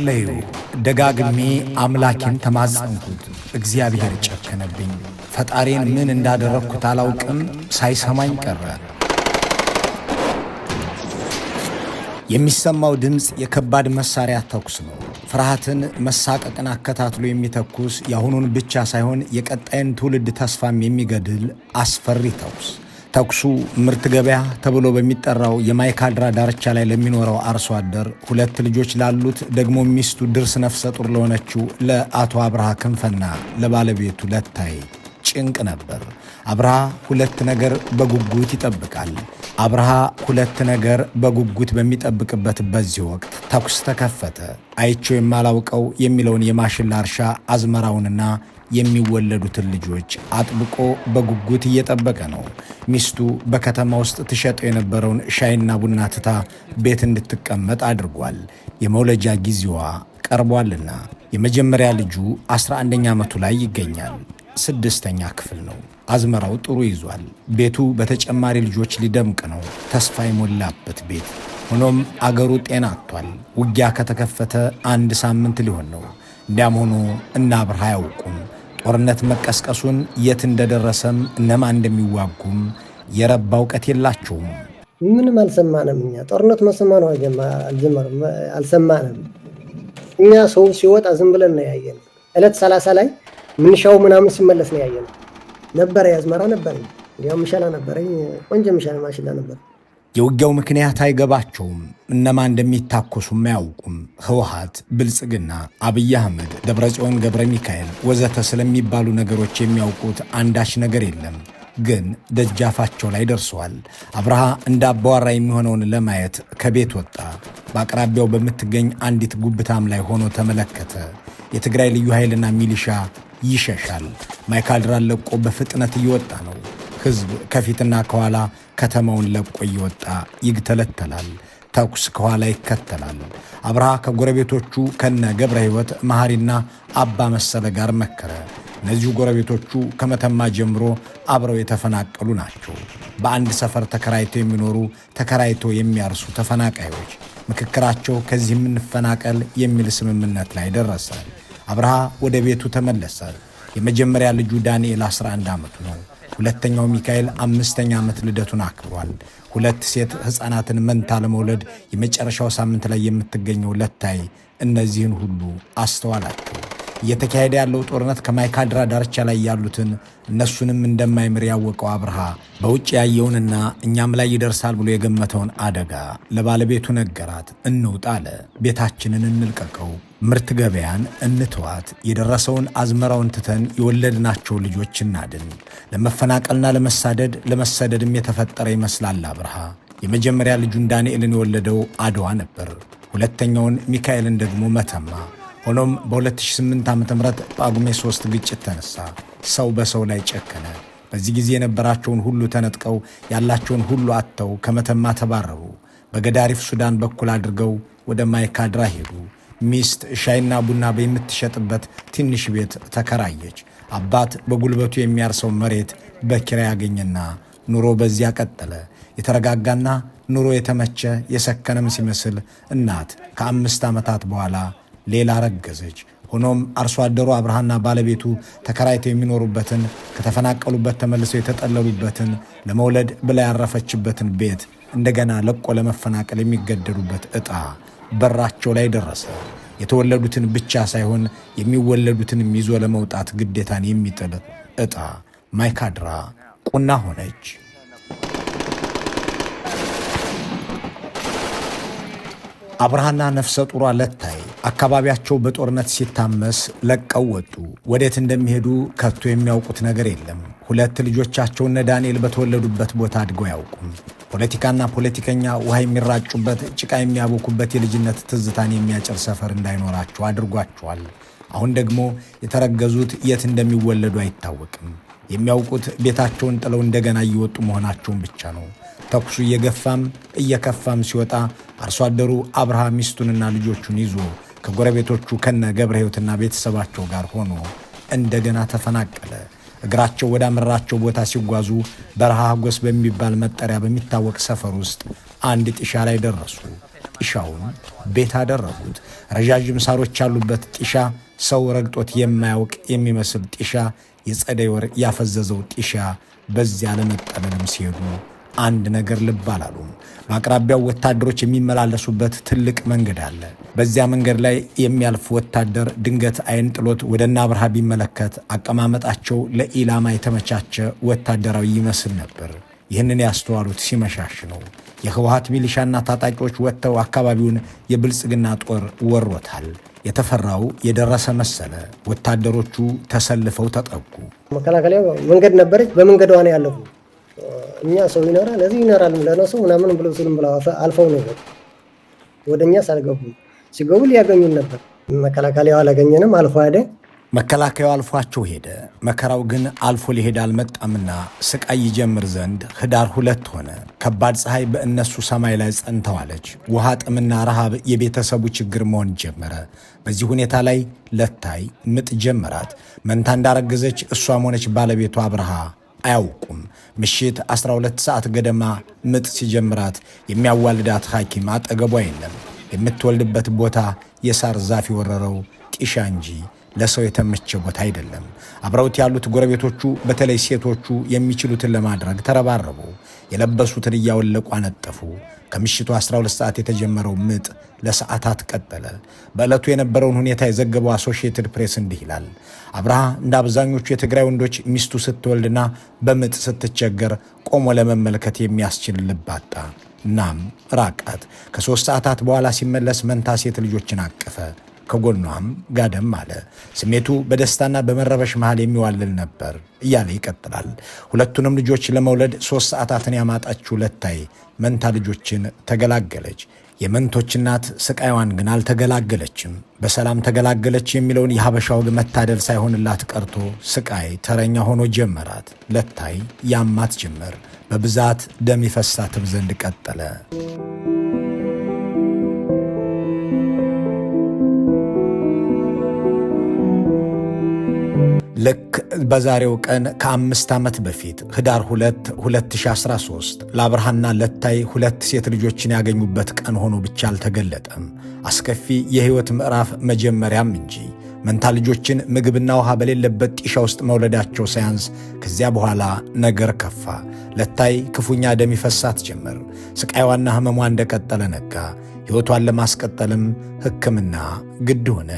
ጸለዩ። ደጋግሜ አምላኬን ተማጸንኩት። እግዚአብሔር ጨከነብኝ። ፈጣሪን ምን እንዳደረግኩት አላውቅም፣ ሳይሰማኝ ቀረ። የሚሰማው ድምፅ የከባድ መሳሪያ ተኩስ ነው። ፍርሃትን፣ መሳቀቅን አከታትሎ የሚተኩስ የአሁኑን ብቻ ሳይሆን የቀጣይን ትውልድ ተስፋም የሚገድል አስፈሪ ተኩስ። ተኩሱ ምርት ገበያ ተብሎ በሚጠራው የማይካድራ ዳርቻ ላይ ለሚኖረው አርሶ አደር ሁለት ልጆች ላሉት ደግሞ ሚስቱ ድርስ ነፍሰ ጡር ለሆነችው ለአቶ አብርሃ ክንፈና ለባለቤቱ ለታይ ጭንቅ ነበር። አብርሃ ሁለት ነገር በጉጉት ይጠብቃል። አብርሃ ሁለት ነገር በጉጉት በሚጠብቅበት በዚህ ወቅት ተኩስ ተከፈተ። አይቼው የማላውቀው የሚለውን የማሽላ እርሻ አዝመራውንና የሚወለዱትን ልጆች አጥብቆ በጉጉት እየጠበቀ ነው። ሚስቱ በከተማ ውስጥ ትሸጠው የነበረውን ሻይና ቡና ትታ ቤት እንድትቀመጥ አድርጓል። የመውለጃ ጊዜዋ ቀርቧልና የመጀመሪያ ልጁ 11ኛ ዓመቱ ላይ ይገኛል። ስድስተኛ ክፍል ነው። አዝመራው ጥሩ ይዟል። ቤቱ በተጨማሪ ልጆች ሊደምቅ ነው። ተስፋ የሞላበት ቤት። ሆኖም አገሩ ጤና አጥቷል። ውጊያ ከተከፈተ አንድ ሳምንት ሊሆን ነው። እንዲያም ሆኖ እነ አብርሃ አያውቁም ጦርነት መቀስቀሱን፣ የት እንደደረሰም፣ እነማን እንደሚዋጉም የረባ እውቀት የላቸውም። ምንም አልሰማንም። እኛ ጦርነት መሰማ ነው አልሰማንም። እኛ ሰው ሲወጣ ዝም ብለን ነው ያየን። ዕለት ሰላሳ ላይ ምንሻው ምናምን ሲመለስ ነው ያየን። ነበረ ያዝመራ ነበረ እንዲያው ምሸላ ነበረኝ። ቆንጆ ምሸላ ማሽላ ነበር። የውጊያው ምክንያት አይገባቸውም። እነማ እንደሚታኮሱም አያውቁም። ህወሀት ብልጽግና፣ አብይ አህመድ፣ ደብረጽዮን ገብረ ሚካኤል ወዘተ ስለሚባሉ ነገሮች የሚያውቁት አንዳች ነገር የለም። ግን ደጃፋቸው ላይ ደርሰዋል። አብርሃ እንደ አባዋራ የሚሆነውን ለማየት ከቤት ወጣ። በአቅራቢያው በምትገኝ አንዲት ጉብታም ላይ ሆኖ ተመለከተ። የትግራይ ልዩ ኃይልና ሚሊሻ ይሸሻል። ማይካድራን ለቆ በፍጥነት እየወጣ ነው። ህዝብ ከፊትና ከኋላ ከተማውን ለቆ እየወጣ ይግተለተላል። ተኩስ ከኋላ ይከተላል። አብርሃ ከጎረቤቶቹ ከነ ገብረ ሕይወት መሐሪና አባ መሰለ ጋር መከረ። እነዚሁ ጎረቤቶቹ ከመተማ ጀምሮ አብረው የተፈናቀሉ ናቸው። በአንድ ሰፈር ተከራይተው የሚኖሩ ተከራይተው የሚያርሱ ተፈናቃዮች ምክክራቸው ከዚህ የምንፈናቀል የሚል ስምምነት ላይ ደረሰ። አብርሃ ወደ ቤቱ ተመለሰ። የመጀመሪያ ልጁ ዳንኤል 11 ዓመቱ ነው። ሁለተኛው ሚካኤል አምስተኛ ዓመት ልደቱን አክብሯል። ሁለት ሴት ሕፃናትን መንታ ለመውለድ የመጨረሻው ሳምንት ላይ የምትገኘው ለታይ እነዚህን ሁሉ አስተዋላቸው። እየተካሄደ ያለው ጦርነት ከማይካድራ ዳርቻ ላይ ያሉትን እነሱንም እንደማይምር ያወቀው አብርሃ በውጭ ያየውንና እኛም ላይ ይደርሳል ብሎ የገመተውን አደጋ ለባለቤቱ ነገራት። እንውጣ አለ። ቤታችንን እንልቀቀው፣ ምርት ገበያን እንትዋት፣ የደረሰውን አዝመራውን ትተን የወለድናቸው ልጆች እናድን። ለመፈናቀልና ለመሳደድ ለመሰደድም የተፈጠረ ይመስላል አብርሃ። የመጀመሪያ ልጁን ዳንኤልን የወለደው አድዋ ነበር። ሁለተኛውን ሚካኤልን ደግሞ መተማ ሆኖም በ2008 ዓ ም ጳጉሜ 3 ግጭት ተነሳ። ሰው በሰው ላይ ጨከነ። በዚህ ጊዜ የነበራቸውን ሁሉ ተነጥቀው ያላቸውን ሁሉ አጥተው ከመተማ ተባረሩ። በገዳሪፍ ሱዳን በኩል አድርገው ወደ ማይካድራ ሄዱ። ሚስት ሻይና ቡና በምትሸጥበት ትንሽ ቤት ተከራየች። አባት በጉልበቱ የሚያርሰው መሬት በኪራይ ያገኘና ኑሮ በዚያ ቀጠለ። የተረጋጋና ኑሮ የተመቸ የሰከነም ሲመስል እናት ከአምስት ዓመታት በኋላ ሌላ ረገዘች። ሆኖም አርሶ አደሩ አብርሃና ባለቤቱ ተከራይተው የሚኖሩበትን ከተፈናቀሉበት ተመልሰው የተጠለሉበትን ለመውለድ ብላ ያረፈችበትን ቤት እንደገና ለቆ ለመፈናቀል የሚገደዱበት ዕጣ በራቸው ላይ ደረሰ። የተወለዱትን ብቻ ሳይሆን የሚወለዱትንም ይዞ ለመውጣት ግዴታን የሚጥል ዕጣ ማይካድራ ቁና ሆነች። አብርሃና ነፍሰ ጡሯ ለታይ አካባቢያቸው በጦርነት ሲታመስ ለቀው ወጡ። ወዴት እንደሚሄዱ ከቶ የሚያውቁት ነገር የለም። ሁለት ልጆቻቸው እነ ዳንኤል በተወለዱበት ቦታ አድገው አያውቁም። ፖለቲካና ፖለቲከኛ ውሃ የሚራጩበት ጭቃ የሚያቦኩበት የልጅነት ትዝታን የሚያጭር ሰፈር እንዳይኖራቸው አድርጓቸዋል። አሁን ደግሞ የተረገዙት የት እንደሚወለዱ አይታወቅም። የሚያውቁት ቤታቸውን ጥለው እንደገና እየወጡ መሆናቸውን ብቻ ነው። ተኩሱ እየገፋም እየከፋም ሲወጣ አርሶ አደሩ አብርሃ ሚስቱንና ልጆቹን ይዞ ከጎረቤቶቹ ከነ ገብረ ሕይወትና ቤተሰባቸው ጋር ሆኖ እንደገና ተፈናቀለ። እግራቸው ወዳመራቸው ቦታ ሲጓዙ በረሃ ጎስ በሚባል መጠሪያ በሚታወቅ ሰፈር ውስጥ አንድ ጢሻ ላይ ደረሱ። ጢሻውን ቤት አደረጉት። ረዣዥም ሳሮች ያሉበት ጢሻ፣ ሰው ረግጦት የማያውቅ የሚመስል ጢሻ፣ የጸደይ ወር ያፈዘዘው ጢሻ። በዚያ ለመጠለልም ሲሄዱ አንድ ነገር ልብ አላሉም። በአቅራቢያው ወታደሮች የሚመላለሱበት ትልቅ መንገድ አለ። በዚያ መንገድ ላይ የሚያልፍ ወታደር ድንገት አይን ጥሎት ወደ ናብርሃ ቢመለከት አቀማመጣቸው ለኢላማ የተመቻቸ ወታደራዊ ይመስል ነበር። ይህንን ያስተዋሉት ሲመሻሽ ነው። የህወሀት ሚሊሻና ታጣቂዎች ወጥተው አካባቢውን የብልጽግና ጦር ወሮታል። የተፈራው የደረሰ መሰለ። ወታደሮቹ ተሰልፈው ተጠጉ። መከላከያ መንገድ ነበረች። በመንገዷ ነው ያለፉ እኛ ሰው ይኖራል እዚህ ይኖራል ብለነው ሰው ምናምን ብሎ ስልም ብለው አልፈው ነው ወደ እኛ ሳልገቡ ሲገቡ ሊያገኙን ነበር። መከላከያው አላገኘንም፣ አልፎ ሄደ። መከላከያው አልፏቸው ሄደ። መከራው ግን አልፎ ሊሄድ አልመጣምና ስቃይ ይጀምር ዘንድ ህዳር ሁለት ሆነ። ከባድ ፀሐይ በእነሱ ሰማይ ላይ ጸንተዋለች። ውሃ ጥምና ረሃብ የቤተሰቡ ችግር መሆን ጀመረ። በዚህ ሁኔታ ላይ ለታይ ምጥ ጀመራት። መንታ እንዳረገዘች እሷም ሆነች ባለቤቱ አብርሃ አያውቁም። ምሽት 12 ሰዓት ገደማ ምጥ ሲጀምራት የሚያዋልዳት ሐኪም አጠገቧ የለም። የምትወልድበት ቦታ የሳር ዛፍ የወረረው ጢሻ እንጂ ለሰው የተመቸ ቦታ አይደለም። አብረውት ያሉት ጎረቤቶቹ፣ በተለይ ሴቶቹ የሚችሉትን ለማድረግ ተረባረቡ። የለበሱትን እያወለቁ አነጠፉ። ከምሽቱ 12 ሰዓት የተጀመረው ምጥ ለሰዓታት ቀጠለ። በዕለቱ የነበረውን ሁኔታ የዘገበው አሶሺየትድ ፕሬስ እንዲህ ይላል። አብርሃ እንደ አብዛኞቹ የትግራይ ወንዶች ሚስቱ ስትወልድና በምጥ ስትቸገር ቆሞ ለመመልከት የሚያስችል ልብ አጣ። እናም ራቃት። ከሦስት ሰዓታት በኋላ ሲመለስ መንታ ሴት ልጆችን አቀፈ። ከጎኗም ጋደም አለ። ስሜቱ በደስታና በመረበሽ መሃል የሚዋልል ነበር እያለ ይቀጥላል። ሁለቱንም ልጆች ለመውለድ ሦስት ሰዓታትን ያማጣችው ለታይ መንታ ልጆችን ተገላገለች። የመንቶች እናት ስቃይዋን ግን አልተገላገለችም። በሰላም ተገላገለች የሚለውን የሀበሻ ወግ መታደል ሳይሆንላት ቀርቶ ስቃይ ተረኛ ሆኖ ጀመራት። ለታይ ያማት ጀመር፣ በብዛት ደም ይፈሳትም ዘንድ ቀጠለ። ልክ በዛሬው ቀን ከአምስት ዓመት በፊት ህዳር 2 2013 ለአብርሃና ለታይ ሁለት ሴት ልጆችን ያገኙበት ቀን ሆኖ ብቻ አልተገለጠም፣ አስከፊ የሕይወት ምዕራፍ መጀመሪያም እንጂ መንታ ልጆችን ምግብና ውሃ በሌለበት ጢሻ ውስጥ መውለዳቸው ሳያንስ ከዚያ በኋላ ነገር ከፋ። ለታይ ክፉኛ ደም ይፈሳት ጀመር። ህመሟ ሕመሟ እንደቀጠለ ነጋ። ሕይወቷን ለማስቀጠልም ሕክምና ግድ ሆነ።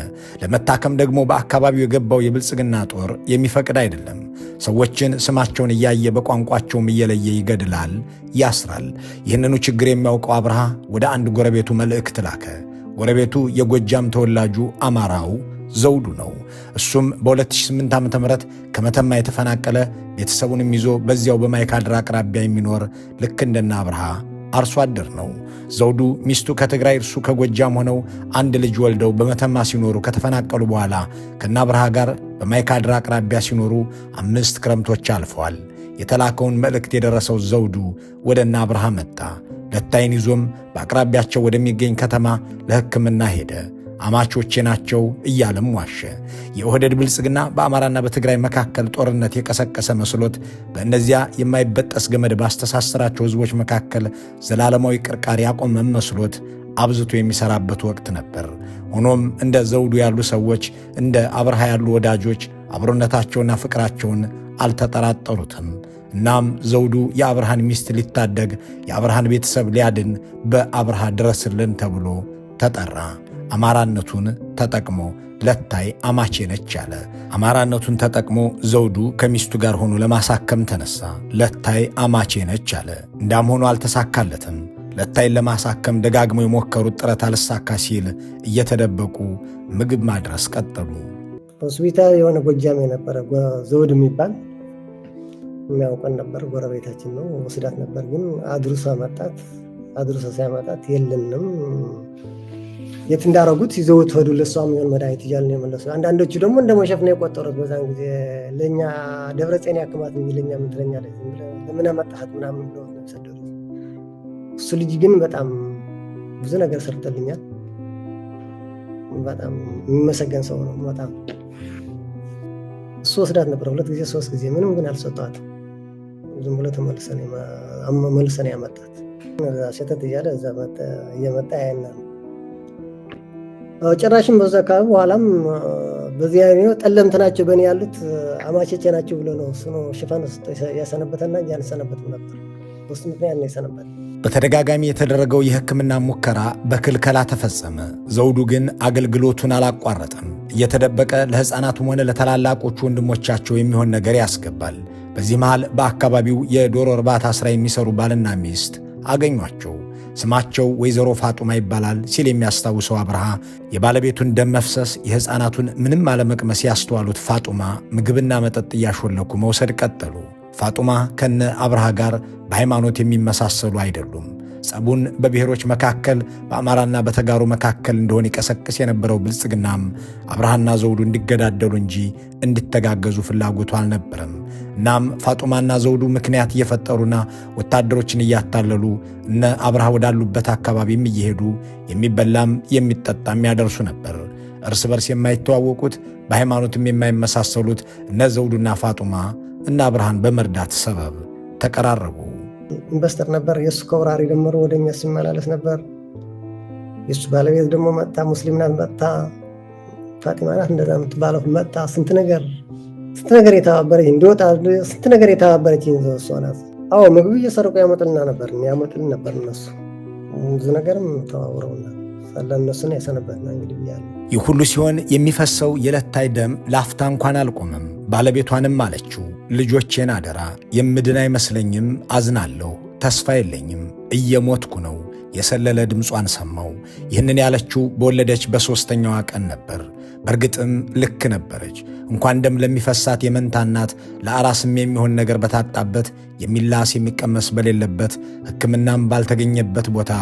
ለመታከም ደግሞ በአካባቢው የገባው የብልጽግና ጦር የሚፈቅድ አይደለም። ሰዎችን ስማቸውን እያየ በቋንቋቸውም እየለየ ይገድላል፣ ያስራል። ይህንኑ ችግር የሚያውቀው አብርሃ ወደ አንድ ጎረቤቱ መልእክት ላከ። ጎረቤቱ የጎጃም ተወላጁ አማራው ዘውዱ ነው። እሱም በ2008 ዓ ም ከመተማ የተፈናቀለ ቤተሰቡንም ይዞ በዚያው በማይካድራ አቅራቢያ የሚኖር ልክ እንደና አብርሃ አርሶ አደር ነው። ዘውዱ ሚስቱ ከትግራይ እርሱ ከጎጃም ሆነው አንድ ልጅ ወልደው በመተማ ሲኖሩ ከተፈናቀሉ በኋላ ከና ጋር በማይካድራ አቅራቢያ ሲኖሩ አምስት ክረምቶች አልፈዋል። የተላከውን መልእክት የደረሰው ዘውዱ ወደ እና አብርሃ መጣ። ለታይን ይዞም በአቅራቢያቸው ወደሚገኝ ከተማ ለሕክምና ሄደ። አማቾቼ ናቸው እያለም ዋሸ። የኦህደድ ብልጽግና በአማራና በትግራይ መካከል ጦርነት የቀሰቀሰ መስሎት በእነዚያ የማይበጠስ ገመድ ባስተሳሰራቸው ህዝቦች መካከል ዘላለማዊ ቅርቃር ያቆመ መስሎት አብዝቶ የሚሰራበት ወቅት ነበር። ሆኖም እንደ ዘውዱ ያሉ ሰዎች፣ እንደ አብርሃ ያሉ ወዳጆች አብሮነታቸውና ፍቅራቸውን አልተጠራጠሩትም። እናም ዘውዱ የአብርሃን ሚስት ሊታደግ፣ የአብርሃን ቤተሰብ ሊያድን በአብርሃ ድረስልን ተብሎ ተጠራ። አማራነቱን ተጠቅሞ ለታይ አማቼ ነች አለ። አማራነቱን ተጠቅሞ ዘውዱ ከሚስቱ ጋር ሆኖ ለማሳከም ተነሳ። ለታይ አማቼ ነች አለ። እንዳም ሆኖ አልተሳካለትም። ለታይን ለማሳከም ደጋግመው የሞከሩት ጥረት አልሳካ ሲል እየተደበቁ ምግብ ማድረስ ቀጠሉ። ሆስፒታል የሆነ ጎጃም የነበረ ዘውድ የሚባል የሚያውቀን ነበር፣ ጎረቤታችን ነው። ወስዳት ነበር ግን አድሩሳ መጣት አድሩሳ ሲያመጣት የለንም የት እንዳረጉት ይዘውት ሄዱ። ለሷ የሚሆን መድኃኒት ነው የመለሱ አንዳንዶቹ ደግሞ እንደ መሸፍ ነው የቆጠሩት። በዛን ጊዜ ለእኛ ደብረጽዮን ያክማት እንጂ ለእኛ ምን ትለኛለህ? ለምን መጣሃት ምናምን ብለው ሰደዱ። እሱ ልጅ ግን በጣም ብዙ ነገር ሰርተልኛል። በጣም የሚመሰገን ሰው ነው። በጣም እሱ ወስዳት ነበረ ሁለት ጊዜ ሶስት ጊዜ ምንም ግን አልሰጧት። ዝም ብሎ ተመልሰን መልሰን ያመጣት ሴተት እያለ እዛ እየመጣ ያይናል ጭራሽም በዛ አካባቢ በኋላም በዚህ በዚያ ጠለምት ናቸው በእኔ ያሉት አማቼቼ ናቸው ብሎ ነው እሱ ነው ሽፋን ያሰነበተና ያልሰነበት ነበር። በሱ ምክንያት ነው የሰነበት። በተደጋጋሚ የተደረገው የሕክምና ሙከራ በክልከላ ተፈጸመ። ዘውዱ ግን አገልግሎቱን አላቋረጠም። እየተደበቀ ለሕፃናቱም ሆነ ለታላላቆቹ ወንድሞቻቸው የሚሆን ነገር ያስገባል። በዚህ መሃል በአካባቢው የዶሮ እርባታ ሥራ የሚሰሩ ባልና ሚስት አገኟቸው። ስማቸው ወይዘሮ ፋጡማ ይባላል ሲል የሚያስታውሰው አብርሃ የባለቤቱን ደም መፍሰስ፣ የሕፃናቱን ምንም አለመቅመስ ያስተዋሉት ፋጡማ ምግብና መጠጥ እያሾለኩ መውሰድ ቀጠሉ። ፋጡማ ከነ አብርሃ ጋር በሃይማኖት የሚመሳሰሉ አይደሉም። ጸቡን በብሔሮች መካከል በአማራና በተጋሩ መካከል እንደሆነ ይቀሰቅስ የነበረው ብልጽግናም አብርሃና ዘውዱ እንዲገዳደሉ እንጂ እንዲተጋገዙ ፍላጎቱ አልነበረም። እናም ፋጡማና ዘውዱ ምክንያት እየፈጠሩና ወታደሮችን እያታለሉ እነ አብርሃ ወዳሉበት አካባቢም እየሄዱ የሚበላም የሚጠጣም ያደርሱ ነበር። እርስ በርስ የማይተዋወቁት በሃይማኖትም የማይመሳሰሉት እነ ዘውዱና ፋጡማ እነ አብርሃን በመርዳት ሰበብ ተቀራረቡ። ኢንቨስተር ነበር። የእሱ ከውራሪ ደግሞ ወደ እኛ ሲመላለስ ነበር። የእሱ ባለቤት ደግሞ መጣ፣ ሙስሊም ናት። መጣ ፋጢማ ናት እንደዛ የምትባለው መጣ። ስንት ነገር ስንት ነገር የተባበረች እንዲወጣ ስንት ነገር የተባበረች እሷ ናት። አዎ ምግብ እየሰርቁ ያመጡልና ነበር ያመጡልን ነበር እነሱ ብዙ ነገርም ተዋውረውና ለእነሱን ያሰነበትና እንግዲህ ብያለ ይህ ሁሉ ሲሆን የሚፈሰው የለታይ ደም ላፍታ እንኳን አልቆምም። ባለቤቷንም አለችው ልጆቼን አደራ፣ የምድን አይመስለኝም፣ አዝናለሁ፣ ተስፋ የለኝም፣ እየሞትኩ ነው። የሰለለ ድምጿን ሰማው። ይህንን ያለችው በወለደች በሦስተኛዋ ቀን ነበር። በእርግጥም ልክ ነበረች። እንኳን ደም ለሚፈሳት የመንታ እናት ለአራስም የሚሆን ነገር በታጣበት የሚላስ የሚቀመስ በሌለበት ሕክምናም ባልተገኘበት ቦታ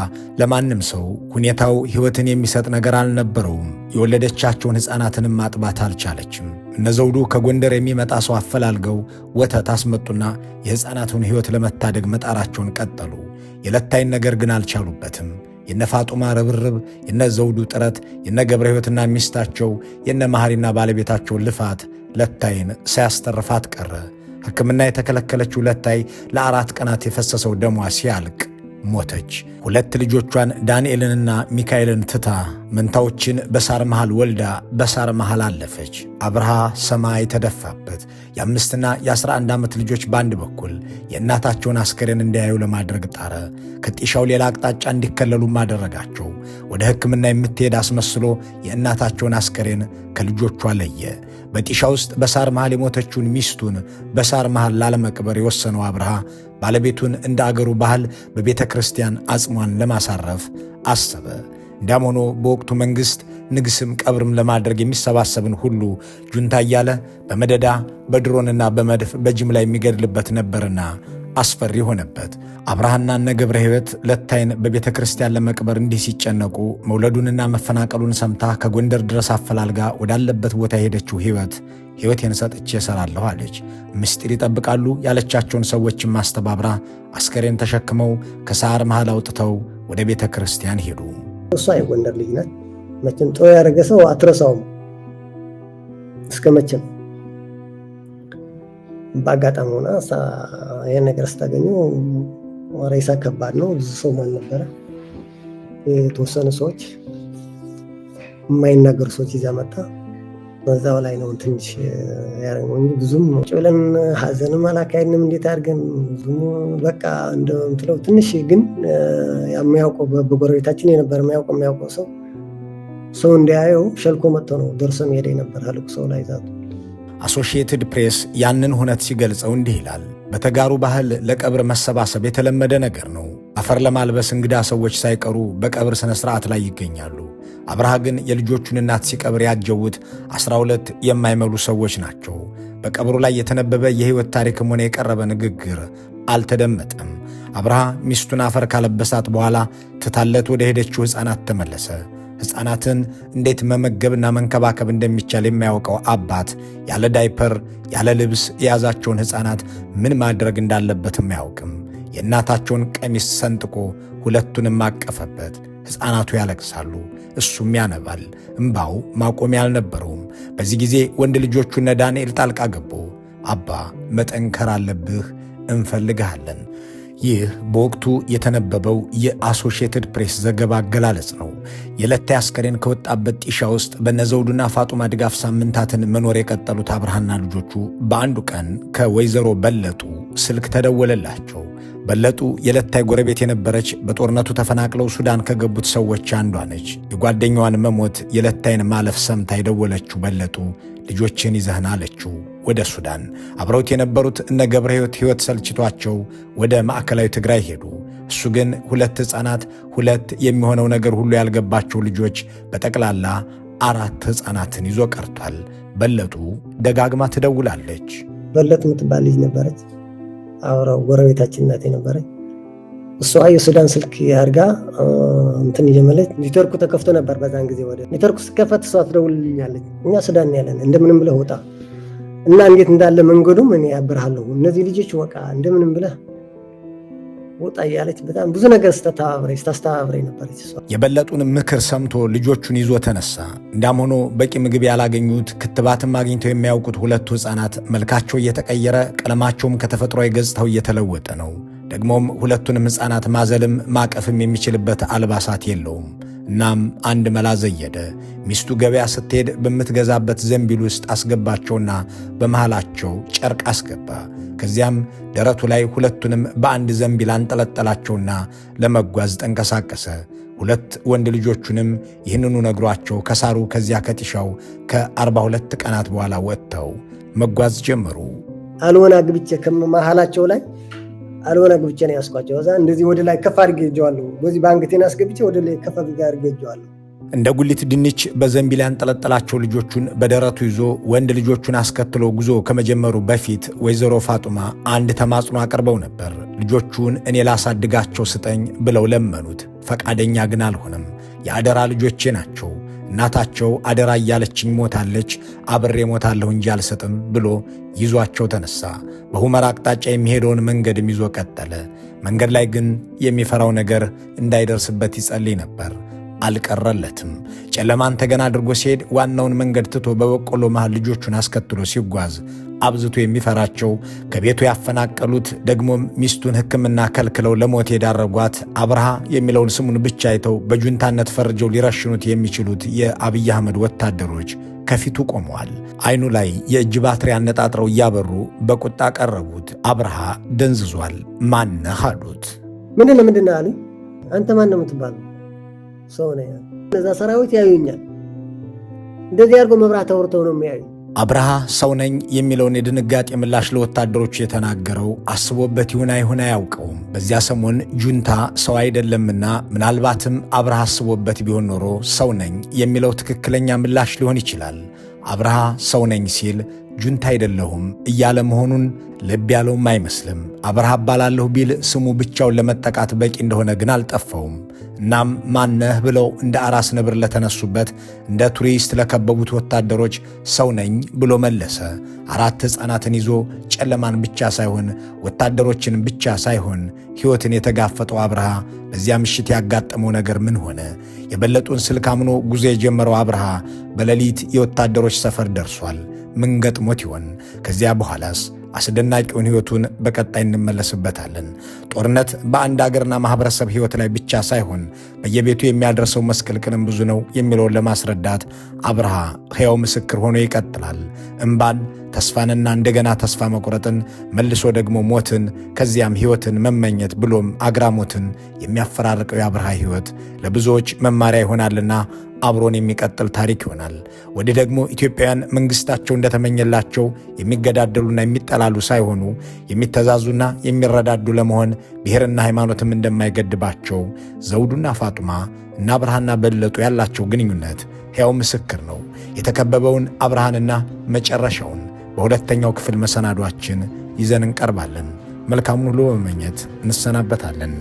ለማንም ሰው ሁኔታው ሕይወትን የሚሰጥ ነገር አልነበረውም። የወለደቻቸውን ሕፃናትንም ማጥባት አልቻለችም። እነ ዘውዱ ከጎንደር የሚመጣ ሰው አፈላልገው ወተት አስመጡና የሕፃናቱን ሕይወት ለመታደግ መጣራቸውን ቀጠሉ። የለታይን ነገር ግን አልቻሉበትም። የነ ፋጡማ ርብርብ፣ የነ ዘውዱ ጥረት፣ የነ ገብረ ሕይወትና ሚስታቸው፣ የነ መሐሪና ባለቤታቸው ልፋት ለታይን ሳያስተርፋት ቀረ። ሕክምና የተከለከለችው ለታይ ለአራት ቀናት የፈሰሰው ደሟ ሲያልቅ ሞተች። ሁለት ልጆቿን ዳንኤልንና ሚካኤልን ትታ መንታዎችን በሳር መሃል ወልዳ በሳር መሃል አለፈች። አብርሃ ሰማይ ተደፋበት። የአምስትና የአስራ አንድ ዓመት ልጆች በአንድ በኩል የእናታቸውን አስከሬን እንዲያዩ ለማድረግ ጣረ። ከጢሻው ሌላ አቅጣጫ እንዲከለሉም አደረጋቸው። ወደ ሕክምና የምትሄድ አስመስሎ የእናታቸውን አስከሬን ከልጆቿ ለየ። በጢሻ ውስጥ በሳር መሃል የሞተችውን ሚስቱን በሳር መሃል ላለመቅበር የወሰነው አብርሃ ባለቤቱን እንደ አገሩ ባህል በቤተ ክርስቲያን አጽሟን ለማሳረፍ አሰበ። እንዲያም ሆኖ በወቅቱ መንግሥት ንግስም ቀብርም ለማድረግ የሚሰባሰብን ሁሉ ጁንታ እያለ በመደዳ በድሮንና በመድፍ በጅምላ የሚገድልበት ነበርና አስፈሪ ሆነበት። አብርሃና እነ ገብረ ሕይወት ለታይን በቤተ ክርስቲያን ለመቅበር እንዲህ ሲጨነቁ መውለዱንና መፈናቀሉን ሰምታ ከጎንደር ድረስ አፈላልጋ ወዳለበት ቦታ የሄደችው ሕይወት ሕይወቴን ሰጥቼ እሰራለሁ አለች። ምስጢር ይጠብቃሉ ያለቻቸውን ሰዎችም ማስተባብራ አስከሬን ተሸክመው ከሳር መሃል አውጥተው ወደ ቤተ ክርስቲያን ሄዱ። እሷ የጎንደር ልጅ ናት። መቼም ጥሩ ያደረገ ሰው አትረሳውም እስከ መቼም በአጋጣሚ ሆና ይህን ነገር ስታገኙ ሬሳ ከባድ ነው። ብዙ ሰው ማን ነበረ የተወሰኑ ሰዎች የማይናገሩ ሰዎች ይዛ መጣ። በዛው ላይ ነው ትንሽ ያረኝ እንጂ ብዙም ጭ ብለን ሀዘንም አላካሄድንም። እንዴት አድርገን ብዙም በቃ እንደምትለው ትንሽ ግን የሚያውቀው በጎረቤታችን የነበረ የሚያውቀው የሚያውቀው ሰው ሰው እንዲያየው ሸልኮ መጥቶ ነው ደርሶ ሄደ ነበር አልቁ ሰው ላይ ዛቱ አሶሺየትድ ፕሬስ ያንን ሁነት ሲገልጸው እንዲህ ይላል። በተጋሩ ባህል ለቀብር መሰባሰብ የተለመደ ነገር ነው። አፈር ለማልበስ እንግዳ ሰዎች ሳይቀሩ በቀብር ሥነ ሥርዓት ላይ ይገኛሉ። አብርሃ ግን የልጆቹን እናት ሲቀብር ያጀቡት ዐሥራ ሁለት የማይመሉ ሰዎች ናቸው። በቀብሩ ላይ የተነበበ የሕይወት ታሪክም ሆነ የቀረበ ንግግር አልተደመጠም። አብርሃ ሚስቱን አፈር ካለበሳት በኋላ ትታለት ወደ ሄደችው ሕፃናት ተመለሰ። ሕፃናትን እንዴት መመገብና መንከባከብ እንደሚቻል የሚያውቀው አባት ያለ ዳይፐር ያለ ልብስ የያዛቸውን ሕፃናት ምን ማድረግ እንዳለበትም አያውቅም። የእናታቸውን ቀሚስ ሰንጥቆ ሁለቱንም አቀፈበት። ሕፃናቱ ያለቅሳሉ፣ እሱም ያነባል። እምባው ማቆሚያ አልነበረውም። በዚህ ጊዜ ወንድ ልጆቹ እነ ዳንኤል ጣልቃ ገቡ። አባ መጠንከር አለብህ፣ እንፈልግሃለን ይህ በወቅቱ የተነበበው የአሶሽየትድ ፕሬስ ዘገባ አገላለጽ ነው። የለታይ አስከሬን ከወጣበት ጢሻ ውስጥ በነዘውዱና ፋጡማ ድጋፍ ሳምንታትን መኖር የቀጠሉት አብርሃና ልጆቹ በአንዱ ቀን ከወይዘሮ በለጡ ስልክ ተደወለላቸው። በለጡ የለታይ ጎረቤት የነበረች በጦርነቱ ተፈናቅለው ሱዳን ከገቡት ሰዎች አንዷ ነች። የጓደኛዋን መሞት የለታይን ማለፍ ሰምታ የደወለችው በለጡ ልጆችን ይዘህና አለችው። ወደ ሱዳን አብረውት የነበሩት እነ ገብረ ሕይወት ሕይወት ሰልችቷቸው ወደ ማዕከላዊ ትግራይ ሄዱ። እሱ ግን ሁለት ሕፃናት፣ ሁለት የሚሆነው ነገር ሁሉ ያልገባቸው ልጆች በጠቅላላ አራት ሕፃናትን ይዞ ቀርቷል። በለጡ ደጋግማ ትደውላለች። በለጡ የምትባል ልጅ ነበረች፣ አብረው ጎረቤታችን ናት የነበረች እሷ የሱዳን ስልክ አድርጋ እንትን የጀመለች ኔትወርኩ ተከፍቶ ነበር። በዛን ጊዜ ወደ ኔትወርኩ ስከፈት እሷ ትደውልኛለች። እኛ ሱዳን ያለን እንደምንም ብለህ ወጣ እና እንዴት እንዳለ መንገዱ ምን ያብርሃለሁ እነዚህ ልጆች ወቃ እንደምንም ብለህ ወጣ እያለች በጣም ብዙ ነገር ስታስተባብሬ ነበረች። የበለጡን ምክር ሰምቶ ልጆቹን ይዞ ተነሳ። እንዳም ሆኖ በቂ ምግብ ያላገኙት ክትባትም አግኝተው የሚያውቁት ሁለቱ ህፃናት መልካቸው እየተቀየረ ቀለማቸውም ከተፈጥሮ ገጽታው እየተለወጠ ነው። ደግሞም ሁለቱንም ሕፃናት ማዘልም ማቀፍም የሚችልበት አልባሳት የለውም። እናም አንድ መላ ዘየደ። ሚስቱ ገበያ ስትሄድ በምትገዛበት ዘንቢል ውስጥ አስገባቸውና በመሃላቸው ጨርቅ አስገባ። ከዚያም ደረቱ ላይ ሁለቱንም በአንድ ዘንቢል አንጠለጠላቸውና ለመጓዝ ተንቀሳቀሰ። ሁለት ወንድ ልጆቹንም ይህንኑ ነግሯቸው ከሳሩ ከዚያ ከጢሻው ከአርባ ሁለት ቀናት በኋላ ወጥተው መጓዝ ጀመሩ። አንድ አግብቼ ከመሃላቸው ላይ አልሆነ ግብቼ ነው ያስኳቸው። ከዛ እንደዚህ ወደ ላይ ከፍ አድርጌ እጀዋለሁ። በዚህ በአንገቴን አስገብቼ ወደ ላይ ከፍ አድርጌ እጀዋለሁ። እንደ ጉሊት ድንች በዘንቢል ያንጠለጠላቸው ልጆቹን በደረቱ ይዞ ወንድ ልጆቹን አስከትሎ ጉዞ ከመጀመሩ በፊት ወይዘሮ ፋጡማ አንድ ተማጽኖ አቅርበው ነበር። ልጆቹን እኔ ላሳድጋቸው ስጠኝ ብለው ለመኑት። ፈቃደኛ ግን አልሆነም። የአደራ ልጆቼ ናቸው እናታቸው አደራ እያለችኝ ሞታለች፣ አብሬ ሞታለሁ እንጂ አልሰጥም ብሎ ይዟቸው ተነሳ። በሁመራ አቅጣጫ የሚሄደውን መንገድም ይዞ ቀጠለ። መንገድ ላይ ግን የሚፈራው ነገር እንዳይደርስበት ይጸልይ ነበር። አልቀረለትም። ጨለማን ተገና አድርጎ ሲሄድ ዋናውን መንገድ ትቶ በበቆሎ መሃል ልጆቹን አስከትሎ ሲጓዝ አብዝቶ የሚፈራቸው ከቤቱ ያፈናቀሉት ደግሞም ሚስቱን ሕክምና ከልክለው ለሞት የዳረጓት አብርሃ የሚለውን ስሙን ብቻ አይተው በጁንታነት ፈርጀው ሊረሽኑት የሚችሉት የአብይ አህመድ ወታደሮች ከፊቱ ቆመዋል። አይኑ ላይ የእጅ ባትሪ አነጣጥረው እያበሩ በቁጣ ቀረቡት። አብርሃ ደንዝዟል። ማነህ አሉት። ምንድን ምንድን አንተ ማን ነው የምትባለው? ሰው ነ እነዛ ሰራዊት ያዩኛል። እንደዚህ አድርጎ መብራት አውርተው ነው የሚያዩ። አብርሃ ሰው ነኝ የሚለውን የድንጋጤ ምላሽ ለወታደሮቹ የተናገረው አስቦበት ይሁን አይሁን አያውቀውም። በዚያ ሰሞን ጁንታ ሰው አይደለምና ምናልባትም አብርሃ አስቦበት ቢሆን ኖሮ ሰው ነኝ የሚለው ትክክለኛ ምላሽ ሊሆን ይችላል። አብርሃ ሰው ነኝ ሲል ጁንታ አይደለሁም እያለ መሆኑን ልብ ያለውም አይመስልም። አብርሃ እባላለሁ ቢል ስሙ ብቻውን ለመጠቃት በቂ እንደሆነ ግን አልጠፋውም። እናም ማነህ ብለው እንደ አራስ ነብር ለተነሱበት እንደ ቱሪስት ለከበቡት ወታደሮች ሰው ነኝ ብሎ መለሰ። አራት ሕፃናትን ይዞ ጨለማን ብቻ ሳይሆን ወታደሮችን ብቻ ሳይሆን ሕይወትን የተጋፈጠው አብርሃ በዚያ ምሽት ያጋጠመው ነገር ምን ሆነ? የበለጡን ስልክ አምኖ ጉዞ የጀመረው አብርሃ በሌሊት የወታደሮች ሰፈር ደርሷል። ምን ገጥሞት ይሆን? ከዚያ በኋላስ አስደናቂውን ሕይወቱን በቀጣይ እንመለስበታለን። ጦርነት በአንድ አገርና ማኅበረሰብ ሕይወት ላይ ብቻ ሳይሆን በየቤቱ የሚያደርሰው መስቀልቅልም ብዙ ነው የሚለውን ለማስረዳት አብርሃ ሕያው ምስክር ሆኖ ይቀጥላል። እምባን ተስፋንና እንደገና ተስፋ መቁረጥን መልሶ ደግሞ ሞትን ከዚያም ሕይወትን መመኘት ብሎም አግራሞትን የሚያፈራርቀው የአብርሃ ሕይወት ለብዙዎች መማሪያ ይሆናልና አብሮን የሚቀጥል ታሪክ ይሆናል። ወዲህ ደግሞ ኢትዮጵያውያን መንግሥታቸው እንደተመኘላቸው የሚገዳደሉና የሚጠላሉ ሳይሆኑ የሚተዛዙና የሚረዳዱ ለመሆን ብሔርና ሃይማኖትም እንደማይገድባቸው ዘውዱና ፋጡማ እና አብርሃና በለጡ ያላቸው ግንኙነት ሕያው ምስክር ነው። የተከበበውን አብርሃንና መጨረሻውን በሁለተኛው ክፍል መሰናዷችን ይዘን እንቀርባለን። መልካሙን ሁሉ በመመኘት እንሰናበታለን።